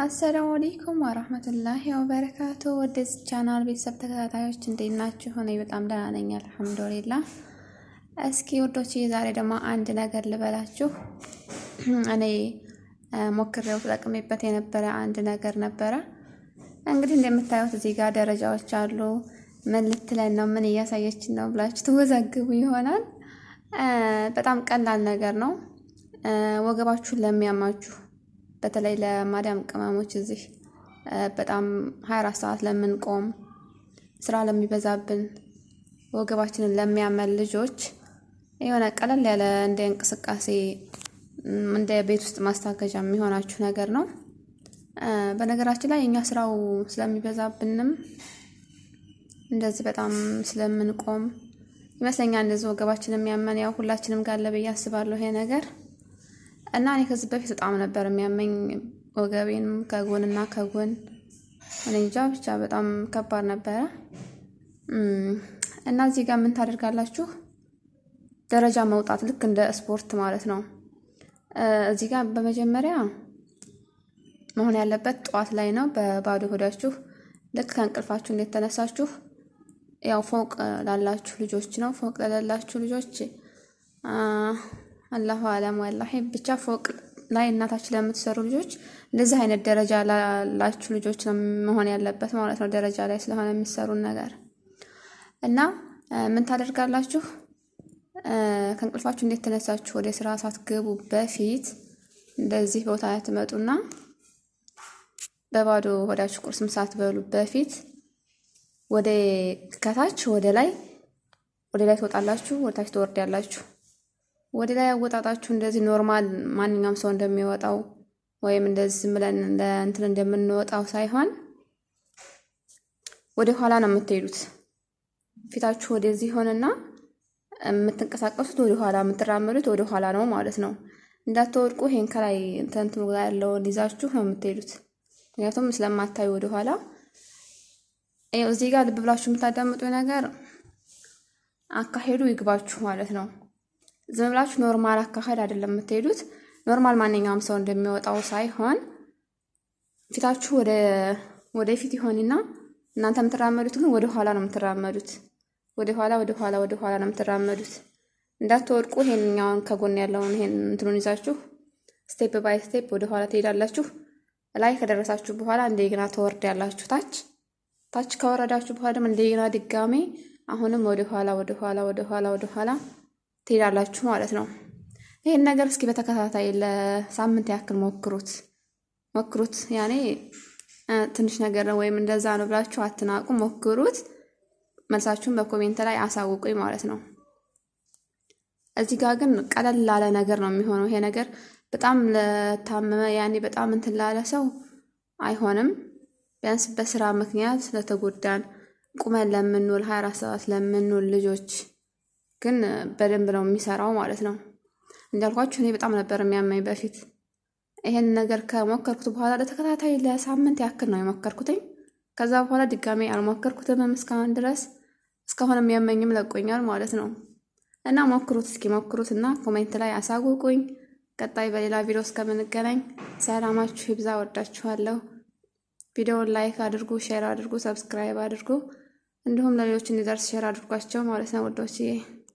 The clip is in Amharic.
አሰላሙ አለይኩም ወራህመቱላሂ ወበረካቱ። ወደዚህ ቻናል ቤተሰብ ተከታታዮች እንዴት ናችሁ? እኔ በጣም ደህና ነኝ አልሐምዱሊላህ። እስኪ ውዶች ዛሬ ደግሞ አንድ ነገር ልበላችሁ። እኔ ሞክሬው ተጠቅሜበት የነበረ አንድ ነገር ነበረ። እንግዲህ እንደምታዩት እዚህ ጋር ደረጃዎች አሉ። ምን ልትለን ነው? ምን እያሳየችን ነው ብላችሁ ትወዛግቡ ይሆናል። በጣም ቀላል ነገር ነው። ወገባችሁን ለሚያማችሁ በተለይ ለማዳም ቅመሞች እዚህ በጣም 24 ሰዓት ለምንቆም ስራ ለሚበዛብን ወገባችንን ለሚያመን ልጆች የሆነ ቀለል ያለ እንደ እንቅስቃሴ እንደ ቤት ውስጥ ማስታገዣ የሚሆናችሁ ነገር ነው። በነገራችን ላይ እኛ ስራው ስለሚበዛብንም እንደዚህ በጣም ስለምንቆም ይመስለኛል እንደዚህ ወገባችን የሚያመን ያው ሁላችንም ጋር ብዬ አስባለሁ ይሄ ነገር። እና እኔ ከዚህ በፊት በጣም ነበር የሚያመኝ ወገቤንም ከጎን እና ከጎን እኔ እንጃ ብቻ በጣም ከባድ ነበረ። እና እዚህ ጋር ምን ታደርጋላችሁ? ደረጃ መውጣት ልክ እንደ ስፖርት ማለት ነው። እዚህ ጋር በመጀመሪያ መሆን ያለበት ጠዋት ላይ ነው። በባዶ ሆዳችሁ ልክ ከእንቅልፋችሁ እንደተነሳችሁ ያው ፎቅ ላላችሁ ልጆች ነው። ፎቅ ለሌላችሁ ልጆች አላሁ አለም ወላሂ ብቻ ፎቅ ላይ እናታችን ለምትሰሩ ልጆች እንደዚህ አይነት ደረጃ ላላችሁ ልጆች ነው መሆን ያለበት ማለት ነው። ደረጃ ላይ ስለሆነ የሚሰሩን ነገር እና ምን ታደርጋላችሁ? ከእንቅልፋችሁ እንዴት ተነሳችሁ ወደ ስራ ሳትገቡ በፊት እንደዚህ ቦታ ትመጡና በባዶ ሆዳችሁ ቁርስም ሳትበሉ በፊት ወደ ከታች ወደ ላይ ወደ ላይ ትወጣላችሁ፣ ወደ ታች ትወርዳላችሁ። ወደ ላይ አወጣጣችሁ እንደዚህ ኖርማል ማንኛውም ሰው እንደሚወጣው ወይም እንደዚህ ዝም ብለን እንትን እንደምንወጣው ሳይሆን ወደ ኋላ ነው የምትሄዱት። ፊታችሁ ወደዚህ ይሆንና የምትንቀሳቀሱት ወደ ኋላ፣ የምትራመዱት ወደ ኋላ ነው ማለት ነው። እንዳትወድቁ ይሄን ከላይ እንትንት ጋር ያለውን ይዛችሁ ነው የምትሄዱት፣ ምክንያቱም ስለማታዩ ወደ ኋላ። እዚህ ጋር ልብ ብላችሁ የምታዳምጡ ነገር አካሄዱ ይግባችሁ ማለት ነው። ዝም ብላችሁ ኖርማል አካሄድ አይደለም የምትሄዱት። ኖርማል ማንኛውም ሰው እንደሚወጣው ሳይሆን ፊታችሁ ወደ ወደፊት ይሆንና እናንተ የምትራመዱት ግን ወደ ኋላ ነው የምትራመዱት። ወደ ኋላ ወደ ኋላ ወደ ኋላ ነው የምትራመዱት። እንዳትወድቁ ይሄንኛውን ከጎን ያለውን ይሄን እንትኑን ይዛችሁ ስቴፕ ባይ ስቴፕ ወደ ኋላ ትሄዳላችሁ። ላይ ከደረሳችሁ በኋላ እንደገና ተወርድ ያላችሁ ታች ታች ከወረዳችሁ በኋላ ደግሞ እንደገና ድጋሜ አሁንም ወደ ኋላ ወደ ኋላ ወደ ኋላ ወደ ኋላ ትሄዳላችሁ ማለት ነው። ይህን ነገር እስኪ በተከታታይ ለሳምንት ያክል ሞክሩት ሞክሩት። ያኔ ትንሽ ነገር ነው ወይም እንደዛ ነው ብላችሁ አትናቁ፣ ሞክሩት። መልሳችሁን በኮሜንት ላይ አሳውቁኝ ማለት ነው። እዚህ ጋር ግን ቀለል ላለ ነገር ነው የሚሆነው። ይሄ ነገር በጣም ለታመመ ያኔ በጣም እንትን ላለ ሰው አይሆንም። ቢያንስ በስራ ምክንያት ለተጎዳን ቁመን ለምንውል ሀያ አራት ሰዓት ለምንውል ልጆች ግን በደንብ ነው የሚሰራው ማለት ነው። እንዳልኳችሁ እኔ በጣም ነበር የሚያመኝ በፊት። ይሄን ነገር ከሞከርኩት በኋላ ለተከታታይ ለሳምንት ያክል ነው የሞከርኩትኝ። ከዛ በኋላ ድጋሜ አልሞከርኩትም እስካሁን ድረስ። እስካሁን የሚያመኝም ለቆኛል ማለት ነው። እና ሞክሩት እስኪ ሞክሩት እና ኮሜንት ላይ አሳውቁኝ። ቀጣይ በሌላ ቪዲዮ እስከምንገናኝ ሰላማችሁ ይብዛ። ወዳችኋለሁ። ቪዲዮውን ላይክ አድርጉ፣ ሼር አድርጉ፣ ሰብስክራይብ አድርጉ። እንዲሁም ለሌሎች እንዲደርስ ሼር አድርጓቸው ማለት ነው ወዶችዬ።